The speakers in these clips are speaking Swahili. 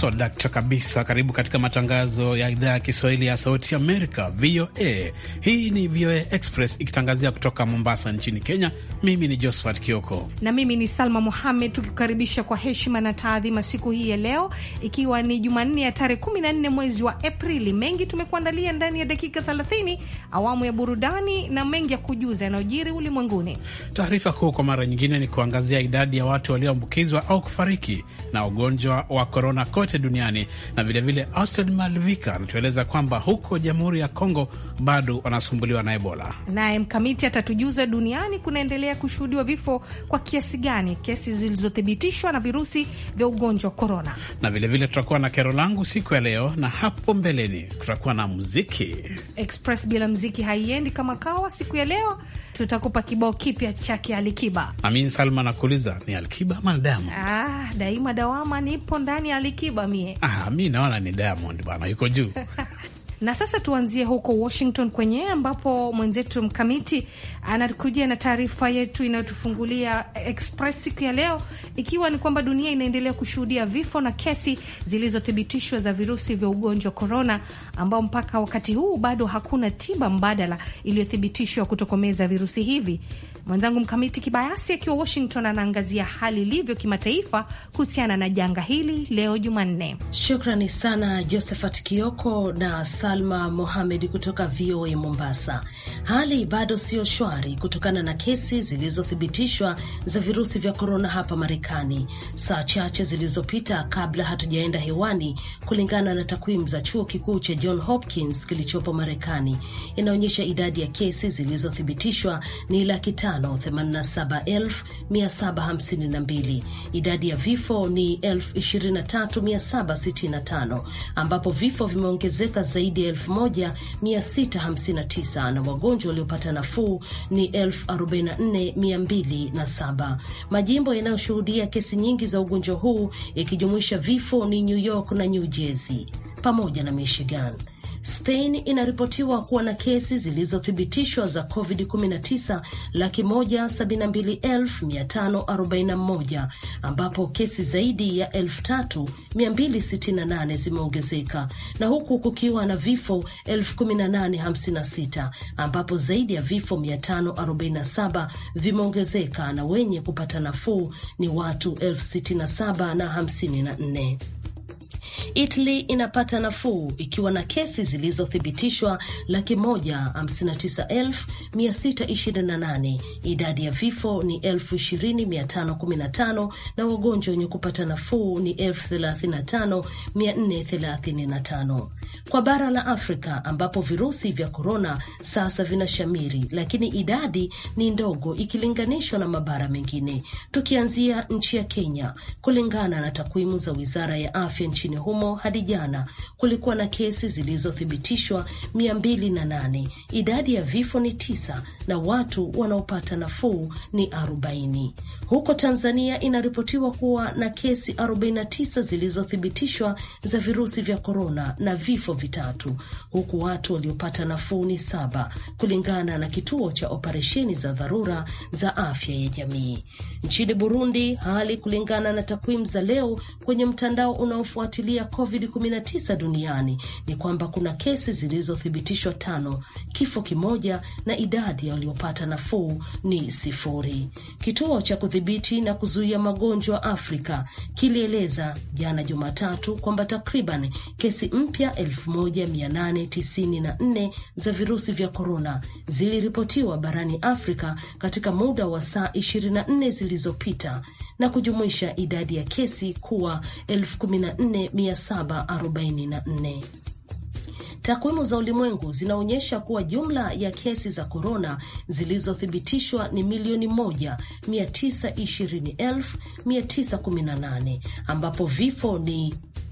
haswa dakta kabisa. Karibu katika matangazo ya idhaa ya Kiswahili ya Sauti Amerika, VOA. Hii ni VOA Express ikitangazia kutoka Mombasa nchini Kenya. Mimi ni Josephat Kioko na mimi ni Salma Mohamed, tukikukaribisha kwa heshima na taadhima siku hii ya leo, ikiwa ni Jumanne ya tarehe 14 mwezi wa Aprili. Mengi tumekuandalia ndani ya dakika 30, awamu ya burudani na mengi ya kujuza yanayojiri ulimwenguni. Taarifa kuu kwa mara nyingine ni kuangazia idadi ya watu walioambukizwa au kufariki na ugonjwa wa korona kote duniani. Na vilevile Austin Malvika anatueleza kwamba huko Jamhuri ya Kongo bado wanasumbuliwa na Ebola. Naye Mkamiti atatujuza duniani kunaendelea kushuhudiwa vifo kwa kiasi gani, kesi zilizothibitishwa na virusi vya ugonjwa wa korona. Na vilevile tutakuwa na kero langu siku ya leo, na hapo mbeleni tutakuwa na muziki Express. Bila muziki haiendi kama kawa siku ya leo tutakupa kibao kipya chake Alikiba. Amin Salma nakuuliza ni Alikiba ama ni Diamond? Ah, daima dawama nipo ndani ya Alikiba mie. Ah, mi naona ni Diamond bana, yuko juu Na sasa tuanzie huko Washington kwenyewe, ambapo mwenzetu Mkamiti anakuja na taarifa yetu inayotufungulia Express siku ya leo, ikiwa ni kwamba dunia inaendelea kushuhudia vifo na kesi zilizothibitishwa za virusi vya ugonjwa korona, ambao mpaka wakati huu bado hakuna tiba mbadala iliyothibitishwa kutokomeza virusi hivi. Mwenzangu Mkamiti Kibayasi akiwa Washington anaangazia hali ilivyo kimataifa kuhusiana na janga hili leo Jumanne. Shukrani sana Josephat Kioko na Salma Mohamed kutoka VOA Mombasa. Hali bado siyo shwari kutokana na kesi zilizothibitishwa za virusi vya korona hapa Marekani saa chache zilizopita, kabla hatujaenda hewani. Kulingana na takwimu za chuo kikuu cha John Hopkins kilichopo Marekani, inaonyesha idadi ya kesi zilizothibitishwa ni laki 587,752. Idadi ya vifo ni 23,765 ambapo vifo vimeongezeka zaidi ya 1,659 na wagonjwa waliopata nafuu ni 44,207. Majimbo yanayoshuhudia kesi nyingi za ugonjwa huu ikijumuisha vifo ni New York na New Jersey pamoja na Michigan. Spain inaripotiwa kuwa na kesi zilizothibitishwa za COVID-19 laki moja sabini na mbili elfu mia tano arobaini na moja ambapo kesi zaidi ya elfu tatu mia mbili sitini na nane zimeongezeka na huku kukiwa na vifo elfu kumi na nane hamsini na sita ambapo zaidi ya vifo mia tano arobaini na saba vimeongezeka na wenye kupata nafuu ni watu elfu sitini na saba na hamsini na nne. Italy inapata nafuu ikiwa na kesi zilizothibitishwa laki moja hamsini na tisa elfu mia sita ishirini na nane. Idadi ya vifo ni elfu ishirini mia tano kumi na tano na wagonjwa wenye kupata nafuu ni elfu thelathini na tano mia nne thelathini na tano kwa bara la Afrika ambapo virusi vya korona sasa vinashamiri, lakini idadi ni ndogo ikilinganishwa na mabara mengine, tukianzia nchi ya Kenya kulingana na takwimu za wizara ya afya nchini humo humo hadi jana kulikuwa na kesi zilizothibitishwa 208, na nane. Idadi ya vifo ni tisa na watu wanaopata nafuu ni 40. Huko Tanzania inaripotiwa kuwa na kesi 49 zilizothibitishwa za virusi vya korona na vifo vitatu, huku watu waliopata nafuu ni saba, kulingana na kituo cha operesheni za dharura za afya ya jamii. Nchini Burundi, hali kulingana na takwimu za leo kwenye mtandao unaofuatilia COVID-19 duniani ni kwamba kuna kesi zilizothibitishwa tano, kifo kimoja na idadi ya waliopata nafuu ni sifuri. Kituo cha kudhibiti na kuzuia magonjwa Afrika kilieleza jana Jumatatu kwamba takriban kesi mpya 1894 za virusi vya korona ziliripotiwa barani Afrika katika muda wa saa 24 zilizopita na kujumuisha idadi ya kesi kuwa 14744. Takwimu za ulimwengu zinaonyesha kuwa jumla ya kesi za korona zilizothibitishwa ni milioni moja ambapo vifo ni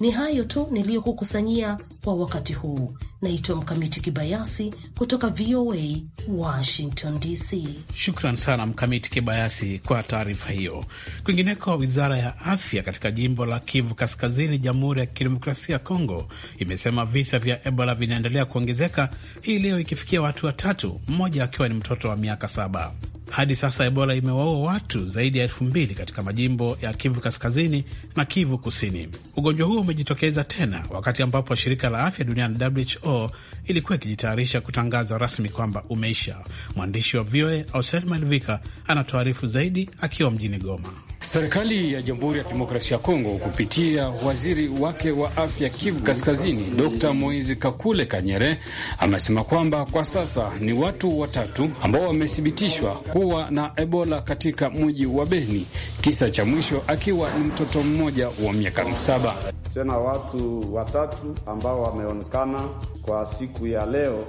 Ni hayo tu niliyokukusanyia kwa wakati huu. Naitwa Mkamiti Kibayasi kutoka VOA Washington DC. Shukran sana Mkamiti Kibayasi kwa taarifa hiyo. Kwingineko, wizara ya afya katika jimbo la Kivu Kaskazini, Jamhuri ya Kidemokrasia ya Kongo imesema visa vya Ebola vinaendelea kuongezeka, hii leo ikifikia watu watatu, mmoja akiwa ni mtoto wa miaka saba. Hadi sasa Ebola imewaua watu zaidi ya elfu mbili katika majimbo ya Kivu Kaskazini na Kivu Kusini. Ugonjwa huo umejitokeza tena wakati ambapo shirika la afya duniani WHO ilikuwa ikijitayarisha kutangaza rasmi kwamba umeisha. Mwandishi wa VOA ausel malivika anatoarifu zaidi akiwa mjini Goma. Serikali ya Jamhuri ya Kidemokrasia ya Kongo kupitia waziri wake wa afya Kivu Kaskazini, Dr Moizi Kakule Kanyere amesema kwamba kwa sasa ni watu watatu ambao wamethibitishwa kuwa na Ebola katika mji wa Beni, kisa cha mwisho akiwa ni mtoto mmoja wa miaka saba. Tena watu watatu ambao wameonekana kwa siku ya leo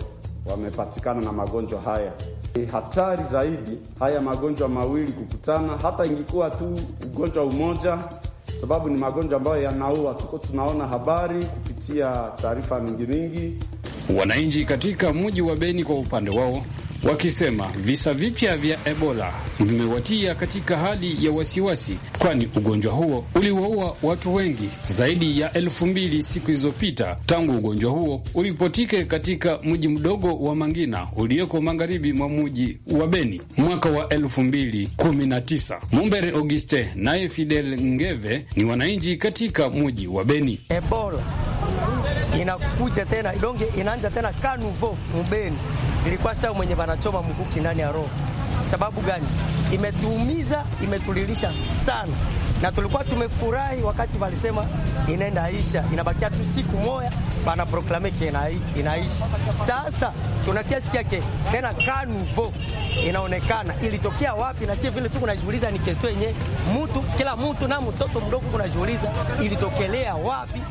wamepatikana na magonjwa haya ni hatari zaidi haya magonjwa mawili kukutana, hata ingekuwa tu ugonjwa umoja, sababu ni magonjwa ambayo yanaua. Tuko tunaona habari kupitia taarifa mingi mingi. Wananchi katika mji wa Beni kwa upande wao wakisema visa vipya vya Ebola vimewatia katika hali ya wasiwasi, kwani ugonjwa huo uliwaua watu wengi zaidi ya elfu mbili siku ilizopita tangu ugonjwa huo ulipotike katika mji mdogo wa Mangina ulioko magharibi mwa mji wa Beni mwaka wa elfu mbili kumi na tisa. Mumbere Auguste naye Fidel Ngeve ni wananchi katika mji wa Beni. Ebola inakuja tena, inaanza tena kanuvo mubeni ilikuwa sawa mwenye vanachoma mkuki ndani ya roho. Sababu gani? Imetuumiza, imetulilisha sana, na tulikuwa tumefurahi wakati walisema inaenda isha, inabakia tu siku moya, bana proklame inaisha. Sasa tuna kiasi kyake tena kanuvo inaonekana ilitokea wapi, na si vile tu kunajiuliza, ni kesto yenye mtu kila mtu na mtoto mdogo kunajiuliza ilitokelea wapi.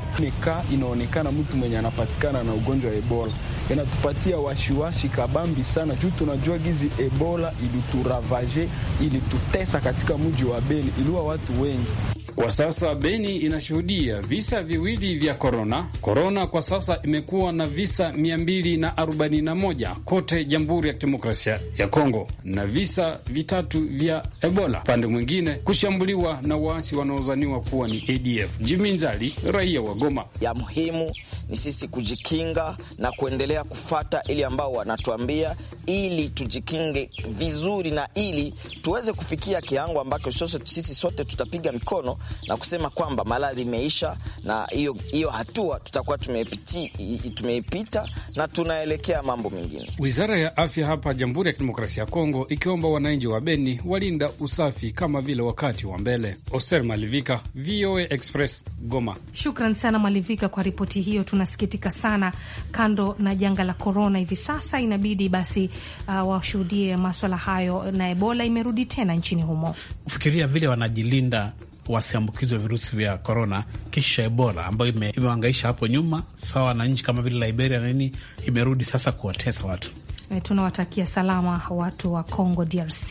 ka inaonekana mtu mwenye anapatikana na ugonjwa wa Ebola inatupatia washiwashi kabambi sana juu tunajua gizi Ebola ilituravaje, ilitutesa katika mji wa Beni, iliwa watu wengi. Kwa sasa Beni inashuhudia visa viwili vya korona. Korona kwa sasa imekuwa na visa 241 kote Jamhuri ya Kidemokrasia ya Kongo na visa vitatu vya Ebola. Upande mwingine kushambuliwa na waasi wanaozaniwa kuwa ni ADF. Jiminzali, raia wa Goma. Ya muhimu ni sisi kujikinga na kuendelea kufata ili ambao wanatuambia, ili tujikinge vizuri na ili tuweze kufikia kiango ambacho sisi sote tutapiga mikono na kusema kwamba maradhi imeisha, na hiyo hiyo hatua tutakuwa tumeipita na tunaelekea mambo mengine. Wizara ya Afya hapa Jamhuri ya Kidemokrasia ya Kongo ikiomba wananchi wa Beni walinda usafi kama vile wakati wa mbele. Oser Malivika, VOA Express, Goma. Shukran sana Malivika kwa ripoti hiyo tuna tunasikitika sana, kando na janga la korona, hivi sasa inabidi basi uh, washuhudie maswala hayo, na Ebola imerudi tena nchini humo. Fikiria vile wanajilinda wasiambukizwe virusi vya korona, kisha Ebola ambayo imewangaisha hapo nyuma, sawa na nchi kama vile Liberia na nini, imerudi sasa kuwatesa watu. Eh, tunawatakia salama watu wa Congo DRC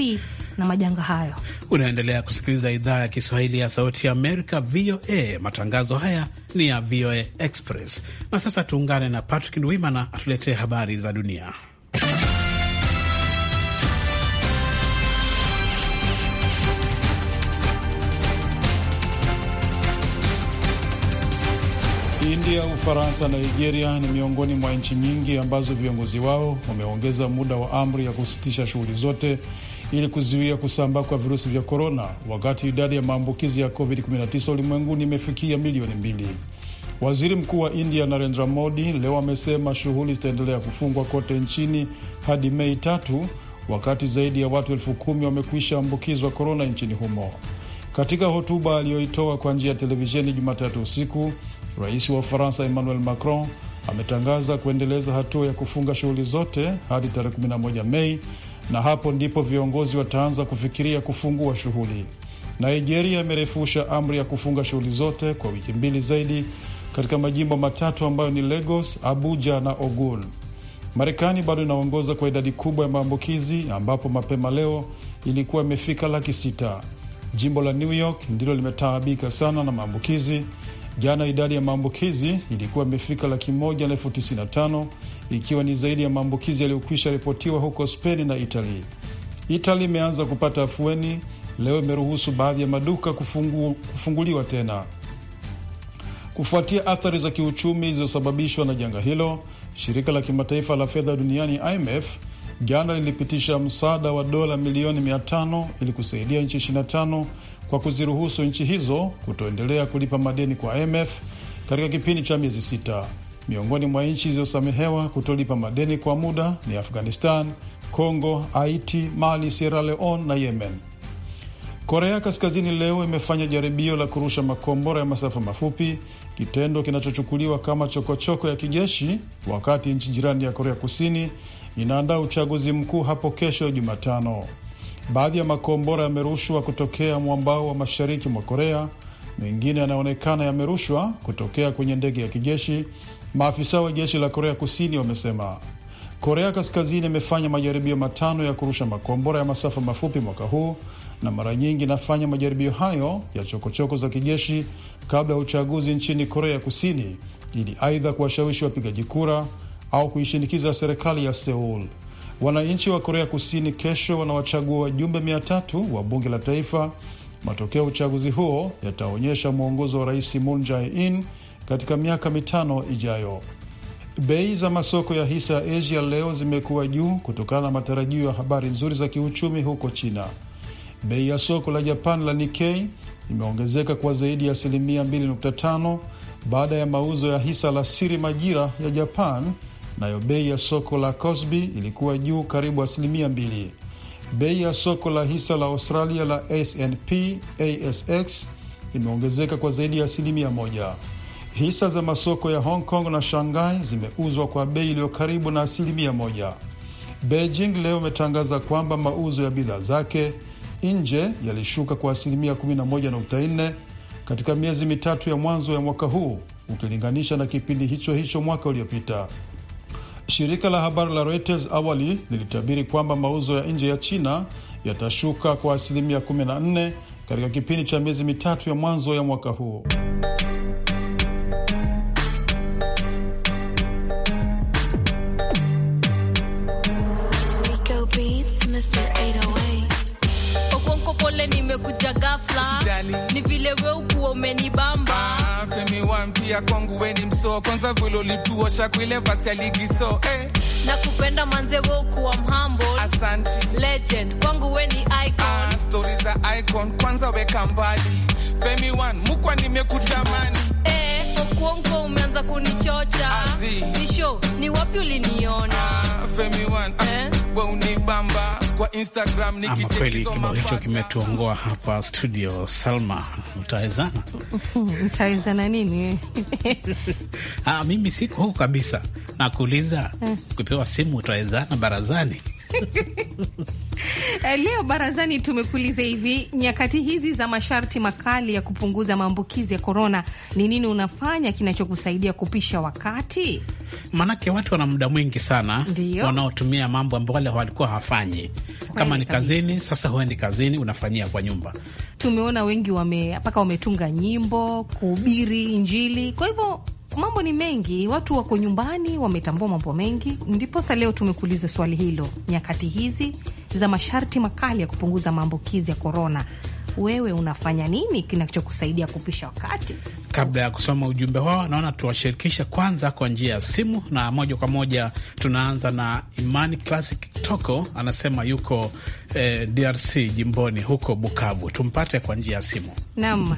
na majanga hayo. Unaendelea kusikiliza idhaa ya Kiswahili ya Sauti ya Amerika, VOA. Matangazo haya ni ya VOA Express, na sasa tuungane na Patrick Ndwimana atuletee habari za dunia. India, Ufaransa na Nigeria ni miongoni mwa nchi nyingi ambazo viongozi wao wameongeza muda wa amri ya kusitisha shughuli zote ili kuzuia kusambaa kwa virusi vya korona, wakati idadi ya maambukizi ya covid-19 ulimwenguni imefikia milioni mbili. Waziri mkuu wa India Narendra Modi leo amesema shughuli zitaendelea kufungwa kote nchini hadi Mei tatu, wakati zaidi ya watu elfu kumi wamekwisha ambukizwa korona nchini humo. Katika hotuba aliyoitoa kwa njia ya televisheni Jumatatu usiku, rais wa Ufaransa Emmanuel Macron ametangaza kuendeleza hatua ya kufunga shughuli zote hadi tarehe 11 Mei na hapo ndipo viongozi wataanza kufikiria kufungua shughuli. Nigeria imerefusha amri ya kufunga shughuli zote kwa wiki mbili zaidi katika majimbo matatu ambayo ni Lagos, Abuja na Ogun. Marekani bado inaongoza kwa idadi kubwa ya maambukizi ambapo mapema leo ilikuwa imefika laki sita. Jimbo la New York ndilo limetaabika sana na maambukizi Jana idadi ya maambukizi ilikuwa imefika laki moja na elfu tisini na tano ikiwa ni zaidi ya maambukizi yaliyokwisha ripotiwa huko spen na Itali. Itali imeanza kupata afueni, leo imeruhusu baadhi ya maduka kufungu, kufunguliwa tena kufuatia athari za kiuchumi zilizosababishwa na janga hilo. Shirika la kimataifa la fedha duniani IMF jana lilipitisha msaada wa dola milioni 500 ili kusaidia nchi 25 kwa kuziruhusu nchi hizo kutoendelea kulipa madeni kwa IMF katika kipindi cha miezi sita. Miongoni mwa nchi zilizosamehewa kutolipa madeni kwa muda ni Afghanistan, Kongo, Haiti, Mali, Sierra Leone na Yemen. Korea Kaskazini leo imefanya jaribio la kurusha makombora ya masafa mafupi, kitendo kinachochukuliwa kama chokochoko choko ya kijeshi, wakati nchi jirani ya Korea Kusini inaandaa uchaguzi mkuu hapo kesho Jumatano. Baadhi ya makombora yamerushwa kutokea mwambao wa mashariki mwa Korea, mengine yanaonekana yamerushwa kutokea kwenye ndege ya kijeshi, maafisa wa jeshi la Korea Kusini wamesema. Korea Kaskazini imefanya majaribio matano ya kurusha makombora ya masafa mafupi mwaka huu na mara nyingi inafanya majaribio hayo ya chokochoko -choko za kijeshi kabla ya uchaguzi nchini Korea Kusini ili aidha kuwashawishi wapigaji kura au kuishinikiza serikali ya Seul. Wananchi wa Korea Kusini kesho wanawachagua wajumbe mia tatu wa bunge la taifa. Matokeo ya uchaguzi huo yataonyesha mwongozo wa rais Moon Jae-in katika miaka mitano ijayo. Bei za masoko ya hisa ya Asia leo zimekuwa juu kutokana na matarajio ya habari nzuri za kiuchumi huko China. Bei ya soko la Japan la Nikkei imeongezeka kwa zaidi ya asilimia 2.5 baada ya mauzo ya hisa la siri majira ya Japan nayo bei ya soko la Cosby ilikuwa juu karibu asilimia mbili. Bei ya soko la hisa la Australia la SNP ASX imeongezeka kwa zaidi ya asilimia moja. Hisa za masoko ya Hong Kong na Shanghai zimeuzwa kwa bei iliyo karibu na asilimia moja. Beijing leo imetangaza kwamba mauzo ya bidhaa zake nje yalishuka kwa asilimia 11.4 katika miezi mitatu ya mwanzo ya mwaka huu ukilinganisha na kipindi hicho hicho mwaka uliopita. Shirika la habari la Reuters awali lilitabiri kwamba mauzo ya nje ya China yatashuka kwa asilimia 14 katika kipindi cha miezi mitatu ya mwanzo ya mwaka huu. Beats, Mr. 808 vile we ukuwa umenibamba semi wampia kwangu weni msoo kwanza vile ulituosha kwile vasi ya ligi so eh. na kupenda manze we ukuwa mhambo asante legend kwangu ni icon ah, stori za icon kwanza weka mbali femi wan mukwa nimekutamani uongo umeanza kunichocha Nisho, ni wapi uliniona? Ah, Femi one, ah, eh? Ama kweli kibao hicho kimetuongoa hapa studio. Salma, utawezana utawezana nini? Eh? Ah, mimi siko huu kabisa, nakuuliza eh. ukipewa simu utawezana barazani? Eh, leo barazani tumekuuliza hivi, nyakati hizi za masharti makali ya kupunguza maambukizi ya korona, ni nini unafanya kinachokusaidia kupisha wakati? Maanake watu wana muda mwingi sana wanaotumia mambo ambayo wale walikuwa hawafanyi. Kama ni kazini, sasa huendi kazini, unafanyia kwa nyumba. Tumeona wengi mpaka wametunga nyimbo kuhubiri Injili, kwa hivyo Mambo ni mengi, watu wako nyumbani, wametambua mambo mengi, ndiposa leo tumekuuliza swali hilo. Nyakati hizi za masharti makali ya kupunguza maambukizi ya korona, wewe unafanya nini kinachokusaidia kupisha wakati? Kabla ya kusoma ujumbe wao, naona tuwashirikishe kwanza kwa njia ya simu, na moja kwa moja tunaanza na Imani Classic Toko, anasema yuko eh, DRC jimboni huko Bukavu. Tumpate kwa njia ya simu. Naam,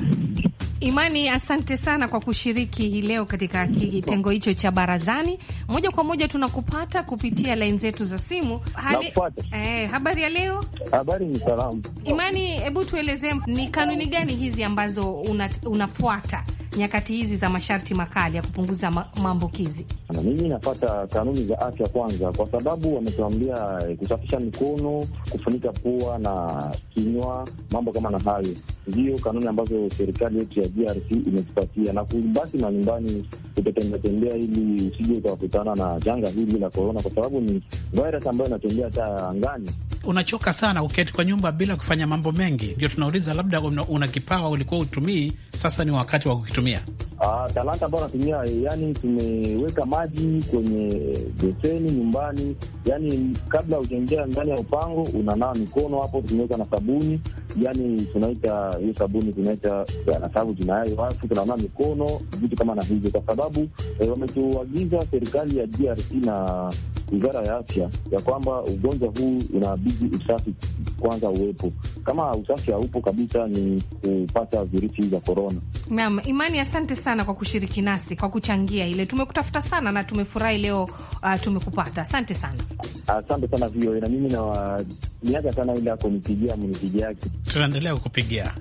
Imani, asante sana kwa kushiriki hii leo katika kitengo hicho cha barazani. Moja kwa moja tunakupata kupitia laini zetu za simu. Hali, eh, habari ya leo? Habari ni salamu. Imani, hebu tuelezee ni kanuni gani hizi ambazo una, unafuata nyakati hizi za masharti makali ya kupunguza maambukizi? Na mimi napata kanuni za afya kwanza, kwa sababu wametuambia eh, kusafisha mikono, kufunika pua na kinywa, mambo kama na hayo. Ndiyo kanuni ambazo serikali yetu ya DRC imetupatia, na kubaki manyumbani, kutatembea ili usije ukakutana na janga hili la korona, kwa sababu ni virus ambayo inatembea hata angani. Unachoka sana uketi kwa nyumba bila kufanya mambo mengi, ndio tunauliza, labda una kipawa ulikuwa utumii, sasa ni wakati wa kukitumia unatumia? Ah, talanta ambayo natumia, yani tumeweka maji kwenye eh, beseni nyumbani, yani kabla hujaingia ndani ya upango unanawa mikono hapo, tumeweka na sabuni, yani tunaita hiyo sabuni tunaita sabu tunayo wafu, tunanawa mikono, vitu kama na hivyo, kwa sababu eh, wametuagiza serikali ya DRC na wizara ya afya ya kwamba ugonjwa huu unabidi usafi kwanza uwepo. Kama usafi haupo kabisa, ni kupata virusi vya korona. Naam, Imani, asante sana kwa kushiriki nasi, kwa kuchangia ile, tumekutafuta sana na tumefurahi leo uh, tumekupata. Asante sana, asante sana vio, na mimi na miaka sana ile ako nipigia mnipigia, tunaendelea kukupigia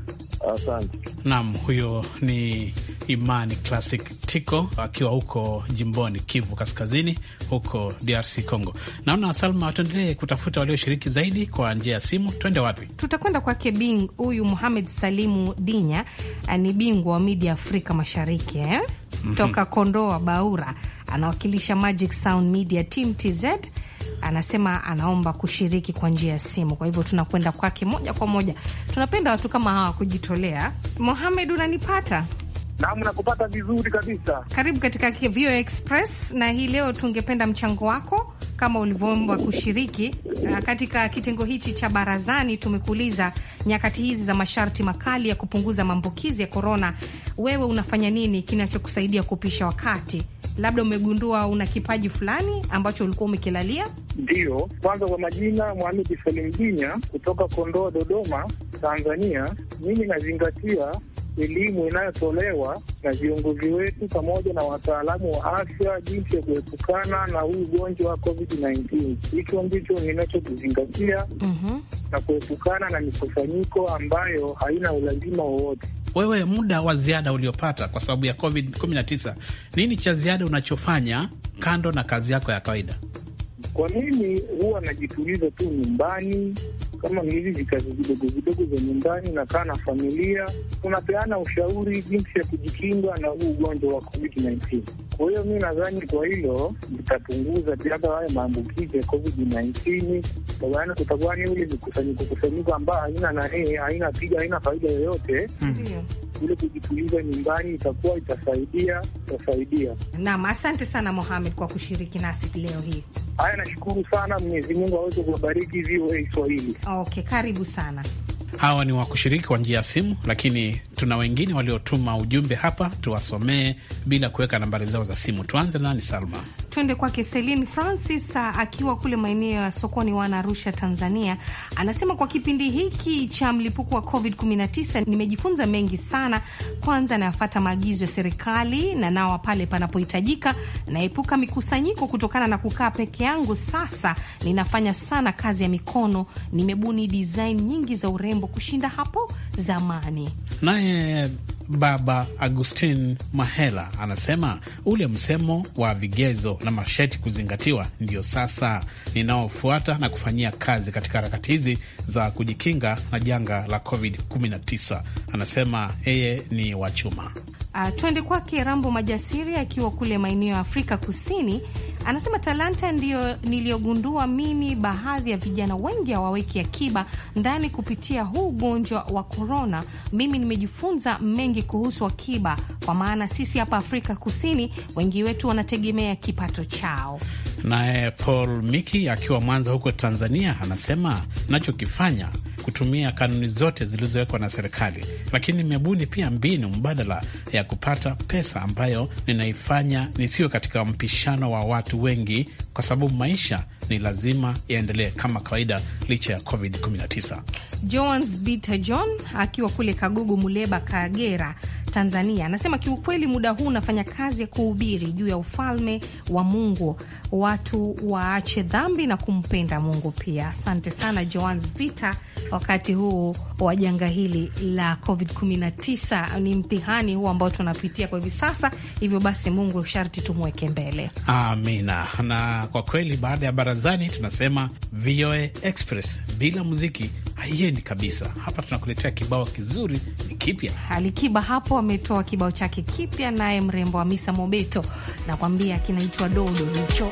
Asante. Naam, huyo ni Imani Classic Tiko akiwa huko jimboni Kivu Kaskazini, huko DRC Congo. Naona Salma, tuendelee kutafuta walioshiriki zaidi kwa njia ya simu. Twende wapi? Tutakwenda kwake Bing, huyu Muhamed Salimu Dinya eh, ni bingwa wa midia Afrika Mashariki eh? mm -hmm. toka Kondoa Baura, anawakilisha Magic Sound Media Team TZ anasema anaomba kushiriki kwa njia ya simu. Kwa hivyo tunakwenda kwake moja kwa moja. Tunapenda watu kama hawa kujitolea. Mohamed, unanipata? Naam, nakupata vizuri kabisa. Karibu katika VOA Express, na hii leo tungependa mchango wako kama ulivyoomba kushiriki eh, katika kitengo hichi cha barazani. Tumekuuliza, nyakati hizi za masharti makali ya kupunguza maambukizi ya korona, wewe unafanya nini kinachokusaidia kupisha wakati? labda umegundua una kipaji fulani ambacho ulikuwa umekilalia? Ndiyo. Kwanza kwa majina, Mohamed Salim Dinya kutoka Kondoa, Dodoma, Tanzania. Mimi nazingatia elimu inayotolewa na viongozi wetu pamoja na wataalamu wa afya jinsi ya kuepukana na huu ugonjwa wa COVID-19. Hicho ndicho ninachokizingatia, mm -hmm. na kuepukana na mikusanyiko ambayo haina ulazima wowote wewe muda wa ziada uliopata kwa sababu ya COVID-19, nini cha ziada unachofanya kando na kazi yako ya kawaida? Kwa mimi huwa najituliza tu nyumbani, kama hivi hizi vikazi vidogo vidogo vya nyumbani, nakaa na familia, tunapeana ushauri jinsi ya kujikinga na huu ugonjwa wa COVID-19. Kwa hiyo mi nadhani kwa hilo litapunguza hata hayo maambukizi ya covid 19, maana kutakuwa ni ule mikusanyiko kusanyiko ambayo haina nani, haina tija, haina faida yoyote. ile kujituliza nyumbani itakuwa itasaidia, itasaidia. Naam, asante sana Mohamed kwa kushiriki nasi leo hii. Haya, nashukuru sana. Mwenyezi Mungu aweze kuwabariki VOA Swahili. Okay, karibu sana. Hawa ni wa kushiriki kwa njia ya simu, lakini tuna wengine waliotuma ujumbe hapa, tuwasomee bila kuweka nambari zao za simu. Tuanze nani, Salma? tuende kwake Celine Francis akiwa kule maeneo ya sokoni wana Arusha, Tanzania. Anasema kwa kipindi hiki cha mlipuko wa COVID-19 nimejifunza mengi sana. Kwanza nayafata maagizo ya serikali na nawa pale panapohitajika, naepuka mikusanyiko kutokana na kukaa peke yangu. Sasa ninafanya sana kazi ya mikono, nimebuni design nyingi za urembo kushinda hapo zamani. Naye Baba Agustin Mahela anasema ule msemo wa vigezo na masharti kuzingatiwa ndio sasa ninaofuata na kufanyia kazi katika harakati hizi za kujikinga na janga la COVID-19. Anasema yeye ni wachuma. Uh, ah, twende kwake Rambo Majasiri akiwa kule maeneo ya Afrika Kusini. Anasema talanta ndiyo niliyogundua mimi, baadhi ya vijana wengi hawaweki akiba ndani kupitia huu ugonjwa wa korona. Mimi nimejifunza mengi zaidi kuhusu akiba, kwa maana sisi hapa Afrika Kusini wengi wetu wanategemea kipato chao. Naye Paul Miki akiwa Mwanza huko Tanzania anasema nachokifanya kutumia kanuni zote zilizowekwa na serikali, lakini nimebuni pia mbinu mbadala ya kupata pesa ambayo ninaifanya nisiwe katika mpishano wa watu wengi, kwa sababu maisha ni lazima iendelee kama kawaida licha ya COVID-19. Jones Bita John akiwa kule Kagugu, Muleba, Kagera, Tanzania anasema kiukweli, muda huu unafanya kazi ya kuhubiri juu ya ufalme wa Mungu, watu waache dhambi na kumpenda Mungu pia. Asante sana Joans Vita, wakati huu wa janga hili la COVID-19 ni mtihani huu ambao tunapitia kwa hivi sasa. Hivyo basi, Mungu sharti tumweke mbele. Amina. Na kwa kweli baada ya baraza Tanzania tunasema VOA Express, bila muziki haiendi kabisa. Hapa tunakuletea kibao kizuri, ni kipya. Alikiba hapo ametoa kibao chake kipya, naye mrembo Hamisa Mobeto nakwambia, kinaitwa Dodo hicho.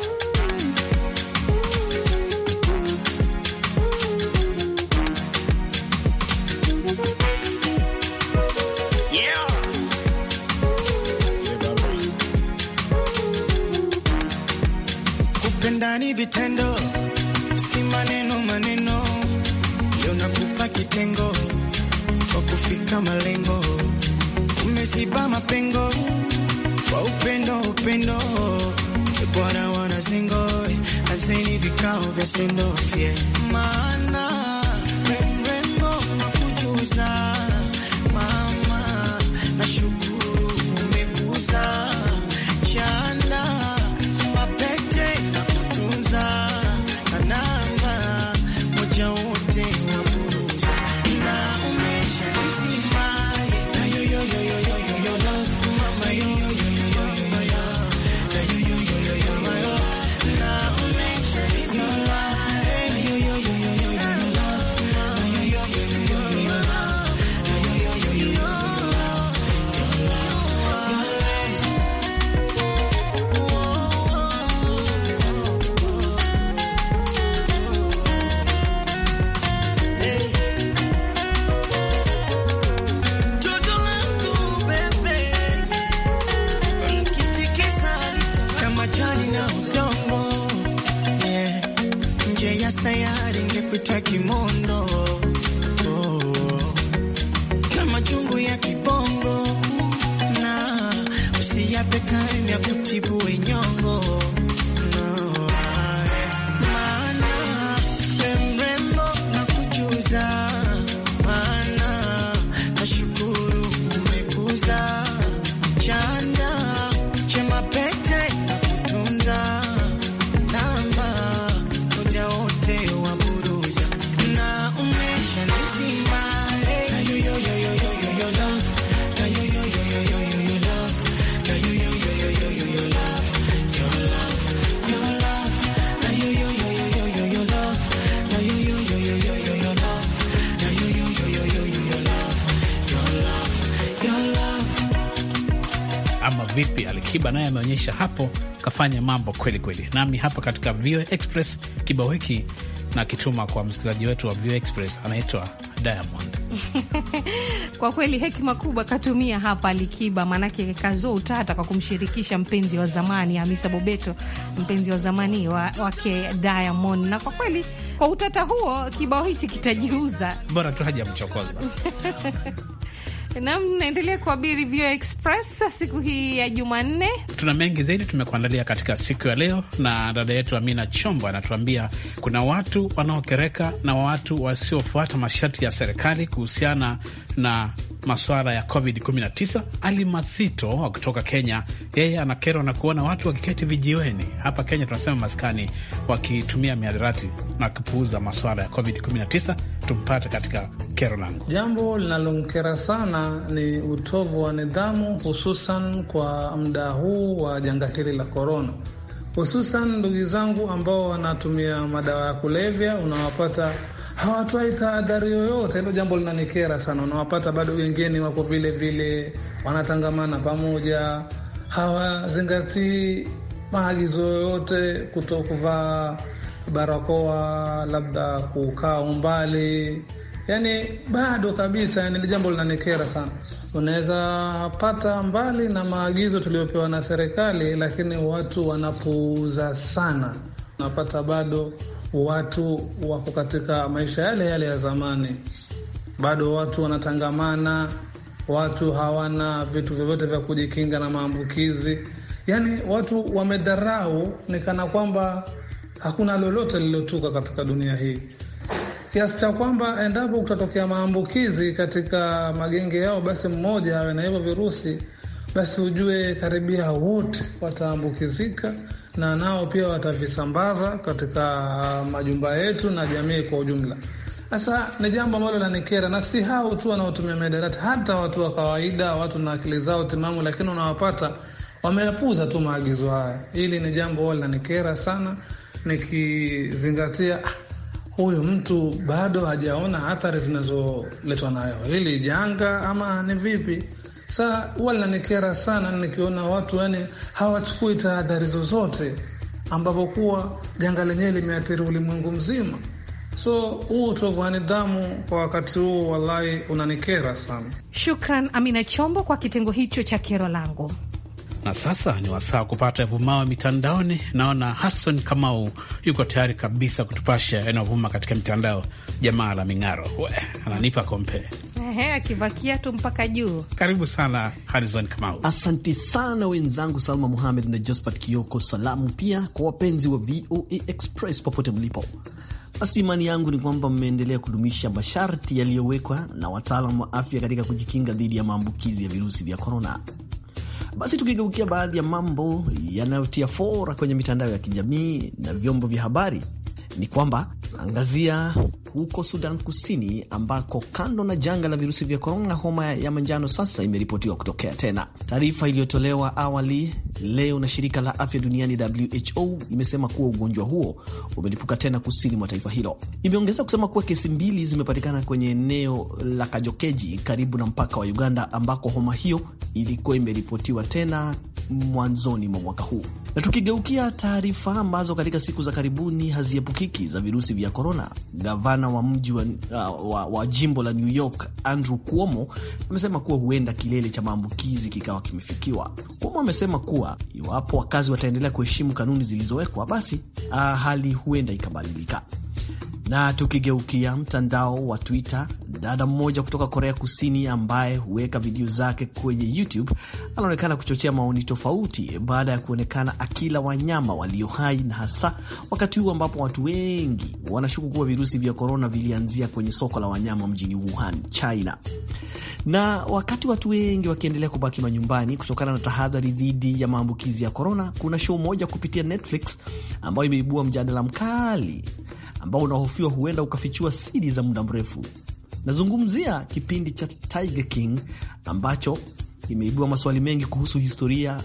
Kiba naye ameonyesha hapo, kafanya mambo kweli kweli. Nami hapa katika VOA Express kibao hiki na kituma kwa msikilizaji wetu wa VOA Express anaitwa Diamond. Kwa kweli hekima kubwa katumia hapa Likiba, maanake kazo utata kwa kumshirikisha mpenzi wa zamani Hamisa Bobeto, mpenzi wa zamani wa, wake Diamond, na kwa kweli kwa utata huo kibao hichi kitajiuza, bora tu hajamchokoza Naam, naendelea kuabiri Vio Express siku hii ya Jumanne. Tuna mengi zaidi tumekuandalia katika siku ya leo, na dada yetu Amina Chombo anatuambia kuna watu wanaokereka na watu wasiofuata masharti ya serikali kuhusiana na masuala ya COVID-19. Ali Masito wa kutoka Kenya, yeye anakerwa na kuona watu wakiketi vijiweni hapa Kenya tunasema maskani, wakitumia miadarati na kupuuza maswara ya COVID-19. Tumpate katika kero langu. Jambo linalonkera sana ni utovu wa nidhamu, hususan kwa muda huu wa janga hili la korona hususan ndugu zangu ambao wanatumia madawa ya kulevya, unawapata hawatwai tahadhari yoyote. Hilo jambo linanikera sana. Unawapata bado wengine wako vile vile, wanatangamana pamoja, hawazingatii maagizo yoyote, kuto kuvaa barakoa, labda kukaa umbali yani bado kabisa, yani jambo linanikera sana. Unaweza pata mbali na maagizo tuliyopewa na serikali, lakini watu wanapuuza sana. Unapata bado watu wako katika maisha yale yale ya zamani, bado watu wanatangamana, watu hawana vitu vyovyote vya kujikinga na maambukizi. Yani watu wamedharau, ni kana kwamba hakuna lolote lililotuka katika dunia hii kiasi cha kwamba endapo kutatokea maambukizi katika magenge yao, basi mmoja awe na hivyo virusi, basi ujue karibia wote wataambukizika na nao pia watavisambaza katika uh, majumba yetu na jamii kwa ujumla. Sasa ni jambo ambalo lanikera, na si hao tu wanaotumia mihadarati, hata watu wa kawaida, watu na akili zao timamu, lakini unawapata wameapuza tu maagizo haya. Hili ni jambo linanikera sana, nikizingatia ah, huyu mtu bado hajaona athari zinazoletwa nayo hili janga, ama ni vipi? Saa huwa linanikera sana nikiona watu yani hawachukui tahadhari zozote, ambapo kuwa janga lenyewe limeathiri ulimwengu mzima. So huu utovu wa nidhamu kwa wakati huu, wallahi, unanikera sana. Shukran Amina Chombo kwa kitengo hicho cha kero langu. Na sasa ni wasaa kupata yavumao mitandaoni. Naona Harison Kamau yuko tayari kabisa kutupasha yanayovuma katika mitandao. Jamaa la ming'aro we, ananipa kompe akivakia tu mpaka juu. Karibu sana Harison Kamau. Asante sana wenzangu Salma Muhamed na jospat Kioko. Salamu pia kwa wapenzi wa VOA e Express popote mlipo. Basi imani yangu ni kwamba mmeendelea kudumisha masharti yaliyowekwa na wataalam wa afya katika kujikinga dhidi ya maambukizi ya virusi vya korona. Basi tukigeukia baadhi ya mambo yanayotia fora kwenye mitandao ya kijamii na vyombo vya habari, ni kwamba angazia huko Sudan Kusini, ambako kando na janga la virusi vya korona, homa ya manjano sasa imeripotiwa kutokea tena. Taarifa iliyotolewa awali leo na shirika la afya duniani WHO imesema kuwa ugonjwa huo umelipuka tena kusini mwa taifa hilo. Imeongeza kusema kuwa kesi mbili zimepatikana kwenye eneo la Kajokeji karibu na mpaka wa Uganda, ambako homa hiyo ilikuwa imeripotiwa tena mwanzoni mwa mwaka huu. Na tukigeukia taarifa ambazo katika siku za karibuni haziepukiki za virusi vya korona, gavana gavana wa mji wa, uh, wa, wa jimbo la New York Andrew Cuomo amesema kuwa huenda kilele cha maambukizi kikawa kimefikiwa. Cuomo amesema kuwa iwapo wakazi wataendelea kuheshimu kanuni zilizowekwa, basi uh, hali huenda ikabadilika. Na tukigeukia mtandao wa Twitter, dada mmoja kutoka Korea Kusini ambaye huweka video zake kwenye YouTube anaonekana kuchochea maoni tofauti baada ya kuonekana akila wanyama walio hai, na hasa wakati huu ambapo watu wengi wanashuku kuwa virusi vya korona vilianzia kwenye soko la wanyama mjini Wuhan, China. Na wakati watu wengi wakiendelea kubaki manyumbani kutokana na tahadhari dhidi ya maambukizi ya korona, kuna show moja kupitia Netflix ambayo imeibua mjadala mkali ambao unahofiwa huenda ukafichua siri za muda mrefu. Nazungumzia kipindi cha Tiger King ambacho imeibua maswali mengi kuhusu historia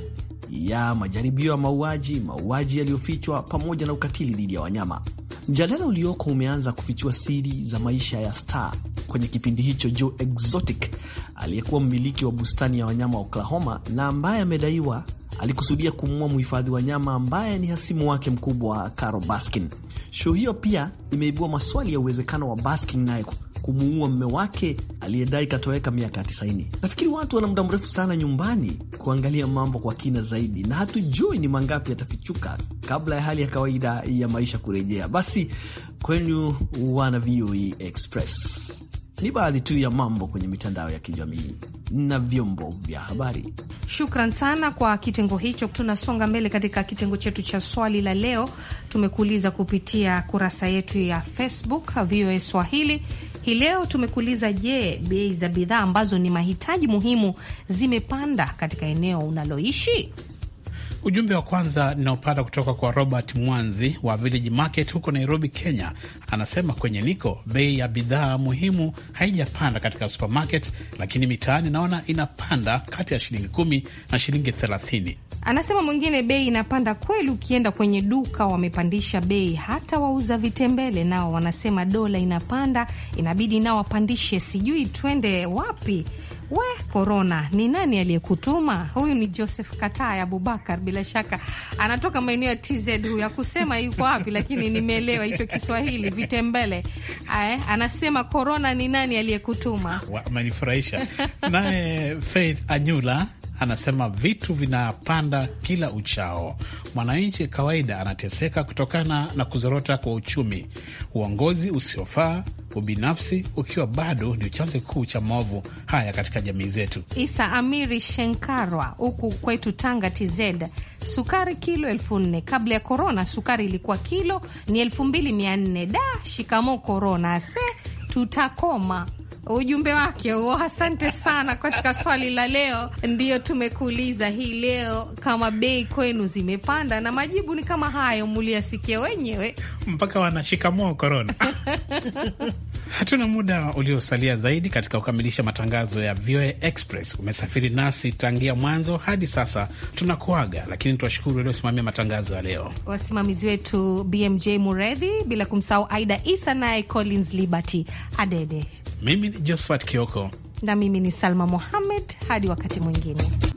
ya majaribio ya mauaji, mauaji yaliyofichwa, pamoja na ukatili dhidi ya wanyama. Mjadala ulioko umeanza kufichua siri za maisha ya star kwenye kipindi hicho Joe Exotic, aliyekuwa mmiliki wa bustani ya wanyama wa Oklahoma na ambaye amedaiwa alikusudia kumua mhifadhi wanyama ambaye ni hasimu wake mkubwa Carol Baskin. Show hiyo pia imeibua maswali ya uwezekano wa baskin naye kumuua mme wake aliyedai katoweka miaka 90. Nafikiri watu wana muda mrefu sana nyumbani kuangalia mambo kwa kina zaidi, na hatujui ni mangapi yatafichuka kabla ya hali ya kawaida ya maisha kurejea. Basi kwenu wana VOA e Express. Ni baadhi tu ya mambo kwenye mitandao ya kijamii na vyombo vya habari. Shukran sana kwa kitengo hicho. Tunasonga mbele katika kitengo chetu cha swali la leo. Tumekuuliza kupitia kurasa yetu ya Facebook VOA Swahili. Hii leo tumekuuliza, je, bei za bidhaa ambazo ni mahitaji muhimu zimepanda katika eneo unaloishi? Ujumbe wa kwanza naopata kutoka kwa Robert Mwanzi wa Village Market huko Nairobi, Kenya, anasema kwenye niko bei ya bidhaa muhimu haijapanda katika supermarket, lakini mitaani naona inapanda kati ya shilingi kumi na shilingi thelathini. Anasema mwingine bei inapanda kweli, ukienda kwenye duka wamepandisha bei, hata wauza vitembele nao wanasema dola inapanda, inabidi nao wapandishe, sijui twende wapi we korona, ni nani aliyekutuma? Huyu ni Joseph kataya Abubakar, bila shaka anatoka maeneo ya TZ. Huyu akusema yuko wapi, lakini nimeelewa hicho Kiswahili vitembele. Ae, anasema korona, ni nani aliyekutuma? Amenifurahisha naye Faith Anyula anasema vitu vinapanda kila uchao. Mwananchi kawaida anateseka kutokana na kuzorota kwa uchumi, uongozi usiofaa, ubinafsi ukiwa bado ndio chanzo kikuu cha maovu haya katika jamii zetu. Isa Amiri Shenkarwa huku kwetu Tanga TZ, sukari kilo elfu nne kabla ya korona, sukari ilikuwa kilo ni elfu mbili mia nne. Da, shikamo korona, se tutakoma ujumbe wake huo. Asante sana. Katika swali la leo, ndiyo tumekuuliza hii leo kama bei kwenu zimepanda, na majibu ni kama hayo, muliyasikia wenyewe, mpaka wanashikamua korona Hatuna muda uliosalia zaidi katika kukamilisha matangazo ya VOA Express. Umesafiri nasi tangia mwanzo hadi sasa, tunakuaga, lakini tuwashukuru waliosimamia matangazo ya leo, wasimamizi wetu BMJ Muredhi, bila kumsahau Aida Isa naye Collins Liberty Adede. Mimi ni Josphat Kioko na mimi ni Salma Mohamed, Hadi wakati mwingine.